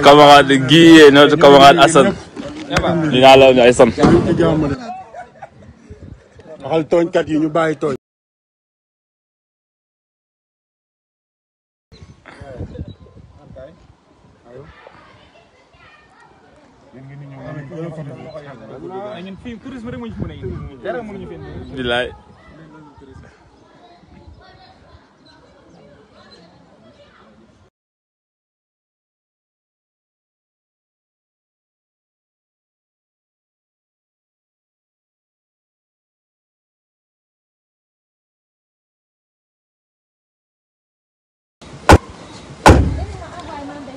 camarade Guy et notre camarade Assane dinaa la ay san waxal tooñkat yi ñu bàyyi tooñ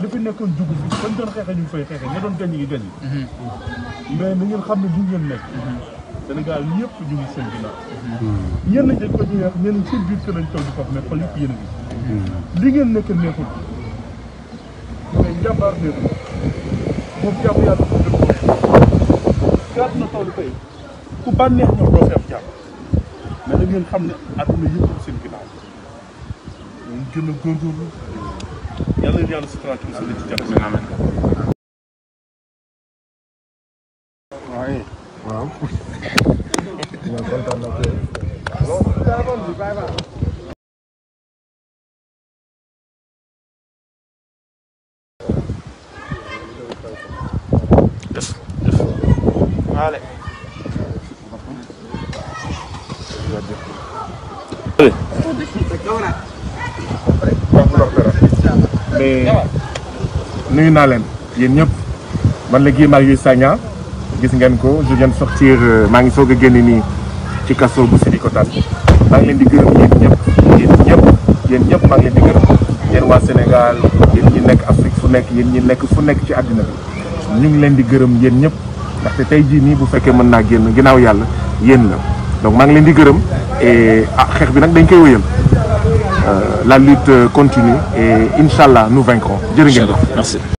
li fi nekkoon dugg fi bañ doon xeexe ñu ngi fay xeexe ña doon gañ yi gañ yi mhm. mais na ngeen xam ne du ngeen nekk mhm. Sénégal ñëpp ñu ngi seen ginnaaw ñenn ñi dañ ko ñu wax ñenn seen biir kër lañ toog di foofu mais xol yëpp yéen a mhm. li ngeen nekk neexul mais njàmbaar neexul moom jàpp yàlla ko dëkk gaat na toolu tey ku bànneex ñoom doo def jàpp mais da ngeen xam ne àdduna yëpp seen ginnaaw ñu gën a góorgóorlu Yalır yalnız Fırat'ın sözü tutacak. Amin. Hayır. Wow. Ya ben de anlatıyorum. Bye bye. Vale. Vale. Allora. nuyu naa leen yéen ñëpp man la Guy Marius saña gis ngeen ko je viens de sortir euh, maa ngi soog a nii ci kaso bu Sébikotane maa ngi leen di gërëm yéen ñëpp yéen ñëpp yéen ñëpp maa ngi leen di gërëm yéen waa Sénégal yéen nekk Afrique fu nekk yéen ñi nekk fu nekk ci àddina ñu ngi leen di gërëm yéen ñëpp ndaxte tey jii nii bu fekkee mën naa génn ginnaaw yàlla yéen na donc maa ngi leen di gërëm et ah xeex bi nag dañ koy wéyal Euh, la lutte continue et Inch'Allah, nous vaincrons. Merci.